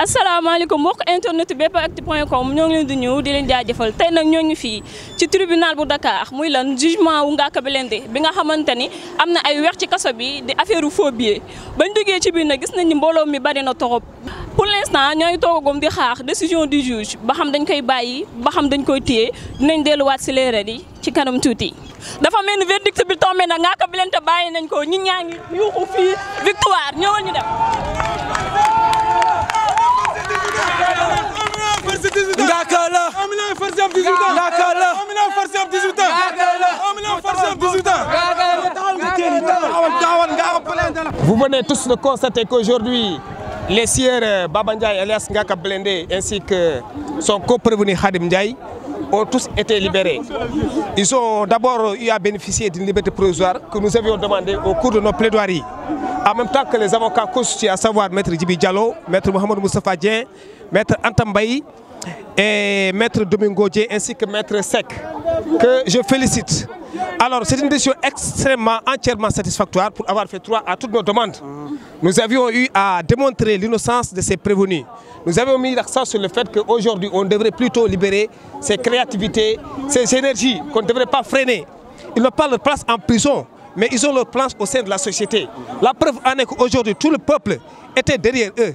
asalaamaaleykum mbokk internet bpactu point com ñoo ngi leen di ñëw di leen jaajëfal tey nag ñoo ngi fii ci tribunal bu Dakar muy lan jugement wu Ngaaka Blindé bi nga xamante ni am na ay weer ci kaso bi di affaire u faux billets bañ duggee ci biir nag gis nañ ni mbooloo mi bari na torop pour l' instant ñooy toogagum di xaar décision du juge ba xam dañ koy bàyyi ba xam dañ koy téye dinañ delluwaat si leeral yi ci kanam tuuti. dafa mel ni verdict bi tombé nag Ngaaka Blindé bàyyi nañ ko ñi ñaa ngi yuuxu fii victoire ñëwal ñu dem. 18 ans Ngakala un million et farci am 18 ans Ngakala un million et farci am 18 ans Ngakala un million et farci am 18 ans Ngakala Vous venez tous de constater qu'aujourd'hui les sieurs Baba Ndiaye alias Ngaka Blindé ainsi que son co-prévenu Khadim Ndiaye ont tous été libérés. Ils ont d'abord eu à bénéficier d'une liberté provisoire que nous avions demandé au cours de nos plaidoiries. En même temps que les avocats constitués, à savoir Maître Djibi Diallo, Maître Mohamed Moustapha Dieng, Maître Antambaï, et maître Domingo Dié ainsi que maître Sec, que je félicite. Alors, c'est une décision extrêmement, entièrement satisfactoire pour avoir fait droit à toutes nos demandes. Nous avions eu à démontrer l'innocence de ces prévenus. Nous avions mis l'accent sur le fait qu'aujourd'hui, on devrait plutôt libérer ces créativités, ces énergies qu'on ne devrait pas freiner. Ils n'ont pas leur place en prison, mais ils ont leur place au sein de la société. La preuve en est qu'aujourd'hui, tout le peuple était derrière eux.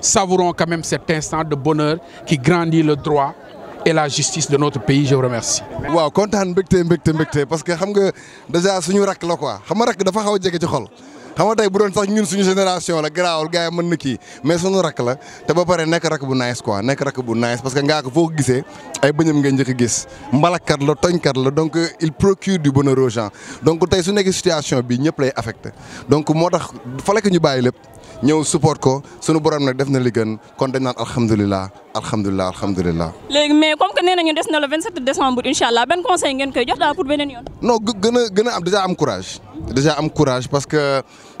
savourons quand même cet instant de bonheur qui grandit le droit et la justice de notre pays je vous remercie. waaw kontaan mbégte mbégte mbégte parce que xam nga déjà suñu rakk la quoi xam nga rakk dafa xaw a jege ci xol xam nga tey bu doon sax ñun suñu génération la garaawul gars yi mën na kii mais suñu rakk la te ba pare nekk rakk bu nice quoi nekk rakk bu nice parce que ngaa ko foo ko gisee ay bëñam nga njëkk a gis mbalakkat la toñkat la donc euh, il procure du bonheur aux gens donc tey su nekkee situation bi ñëpp lay affecté donc moo tax fa ñu bàyyi lépp. ñëw support ko sunu borom na def na li kon dañ naan alhamdulilah alhamdulilah alhamdulilah. léegi mais comme que nee nañu des na le 27 décembre incha allah ban conseil ngeen koy jox daal pour beneen yoon. non gën a gën a am déjà am courage. déjà am courage parce que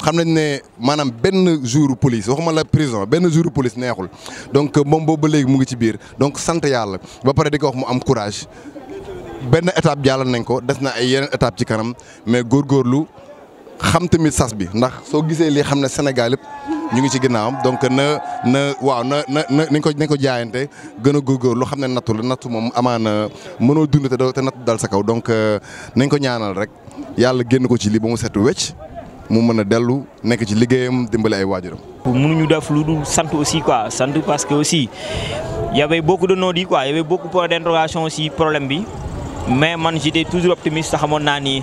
xam nañ ne maanaam benn jour police waxuma la prison benn jour police neexul donc euh, moom boobu ba léegi mu ngi ci biir donc sant yàlla ba pare di ko mu am courage benn étape jàllal nañ ko des na ay yeneen étape ci kanam mais góorgóorlu. xam tamit sas bi ndax soo gisee lii xam ne Sénégal ñu ngi ci am donc na na waaw na na na nañ ko nañ ko jaayante gën a góorgóorlu xam ne nattu la nattu moom amaana mënoo dund te doo te nattu dal sa kaw donc euh, nañ ko ñaanal rek yàlla génn ko ci lii ba mu setu wecc mu mën a dellu nekk ci liggéeyam dimbali ay waajuram. mënuñu def lu dul sant aussi quoi sant parce que aussi y avait beaucoup de non-dits quoi y avait beaucoup de points problème bi mais man j'étais toujours optimiste xamoon naa ni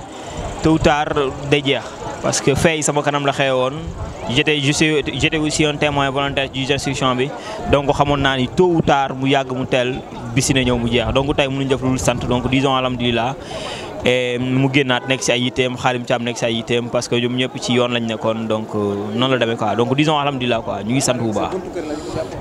tôt ou tard day jeex. parce que fay sama kanam la xew woon jete je suis j'étais aussi un témoin volontaire du instruction bi donc xamoon naa ni tôt ou tard mu yàgg mu teel bisi na ñëw mu jeex donc tey mënuñ def lu sant donc disons alhamdulilah mu génnaat nekk si ay yitteem xaalim Thiam nekk si ay yitteem parce que ñoom ñëpp ci yoon lañu nekkoon donc euh, noonu la demee quoi donc disons alhamdulilah quoi ñu ngi sant bu baax.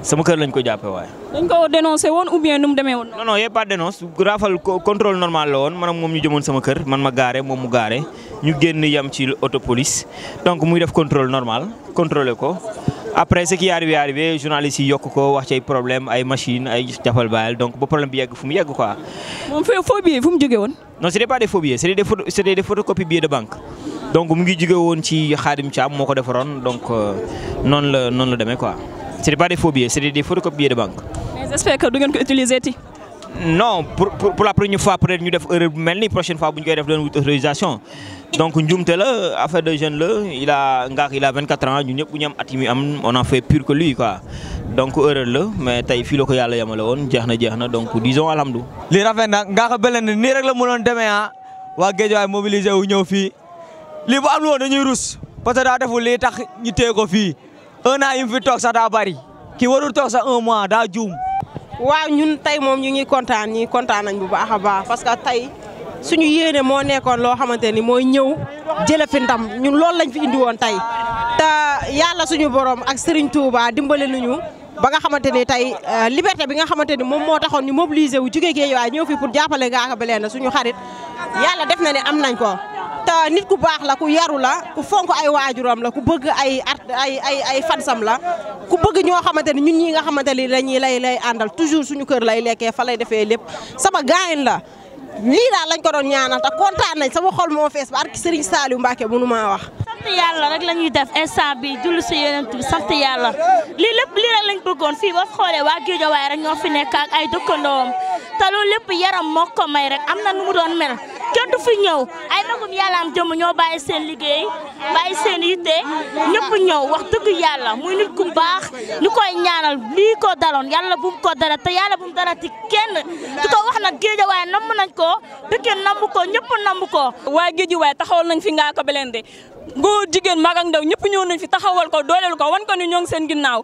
sama kër lañ ko jàppee waaye. dañ ko dénoncé woon ou bien nu mu demee woon. non non y' a pas dénonce rafal contrôle normal la woon maanaam moom ñu jëmoon sama kër man ma gaare moom mu gaare ñu génn yam ci autopolice donc muy def contrôle normal contrôlé ko. après ce qui est arrivé yokk ko wax ay problème ay machine ay jafal baayal donc ba problème bi yegg fu mu yegg quoi. moom faux billets fu mu jógee woon. non c'était pas des faux billets de banque donc mu ngi jógee woon ci Xaadim Thiam moo ko defaroon donc euh, noonu la noonu la demee quoi pas des faux billets de banque. mais j'espère que du ngeen ko utiliser ti non pour pour la première fois peut ñu def erreur bu mel nii prochaine fois bu ñu koy def doon wut autorisation donc njuumte la affaire de jeune la il a Ngaka il a ans ñu ñëpp bu ñu am on a fait pire que lui quoi donc erreur la mais tey fii la ko yàlla yemale woon jeex na jeex na donc disons alhamdulilah. li rafet na Ngaka Blindé nii rek la mënoon demee ah waa Guédiawaye mobilisé wu ñëw fii lii bu amul woon dañuy rus parce que daa deful lii tax ñu téye an yi mu fi toog waaw ñun tey moom ñu ngi kontaan ñi kontaan nañ bu baax a baax parce que tey suñu yéene moo nekkoon loo xamante ni mooy ñëw jële fi ñun loolu lañ fi indi woon tey te yàlla suñu borom ak Serigne Touba dimbale nañu ba nga xamante ni tey euh, liberté bi nga xamante ni moom moo taxoon ñu mobiliser wu jugee Guédiawaye ñëw fi pour jàppale Ngaaka Blindé suñu xarit yàlla def na ne am nañ ko. nit ku baax la ku yaru la ku fonk ay waajuram la ku bëgg ay art ay ay ay fansam la ku bëgg ñoo xamante ni ñun ñii nga xamante ni dañuy lay lay àndal toujours suñu kër lay lekkee fa lay defee lépp sama gaayin la lii daal lañ ko doon ñaana te kontaan nañ sama xol moo fees ba ak Serigne Saliou Mbacke mënu maa wax. sant yàlla rek lañuy ñuy def instant bi julli si yeneen bi sant yàlla lii lépp lii rek lañ bëggoon fii boo xoolee waa Guédiawaye rek ñoo fi nekk ay dëkkandoom te lépp yaram moo may rek am na mu doon mel. kenn du fi ñëw ay magum yàlla am jëmm ñoo bàyyi seen liggéey i seen yitte ñëpp ñëw wax dëgg yàlla muy nit ku baax ñu koy ñaanal lii ko daloon yàlla bu ko dara te yàlla bu mu dara ci kenn di ko wax nag géej waaye namm nañ ko dëkk namm ko ñëpp namm ko. waaye géej waaye taxawal nañ fi ngaa ko Blindé góor jigéen mag ak ndaw ñëpp ñëw nañ fi taxawal ko dooleel ko wan ko ni ñoo ngi seen ginnaaw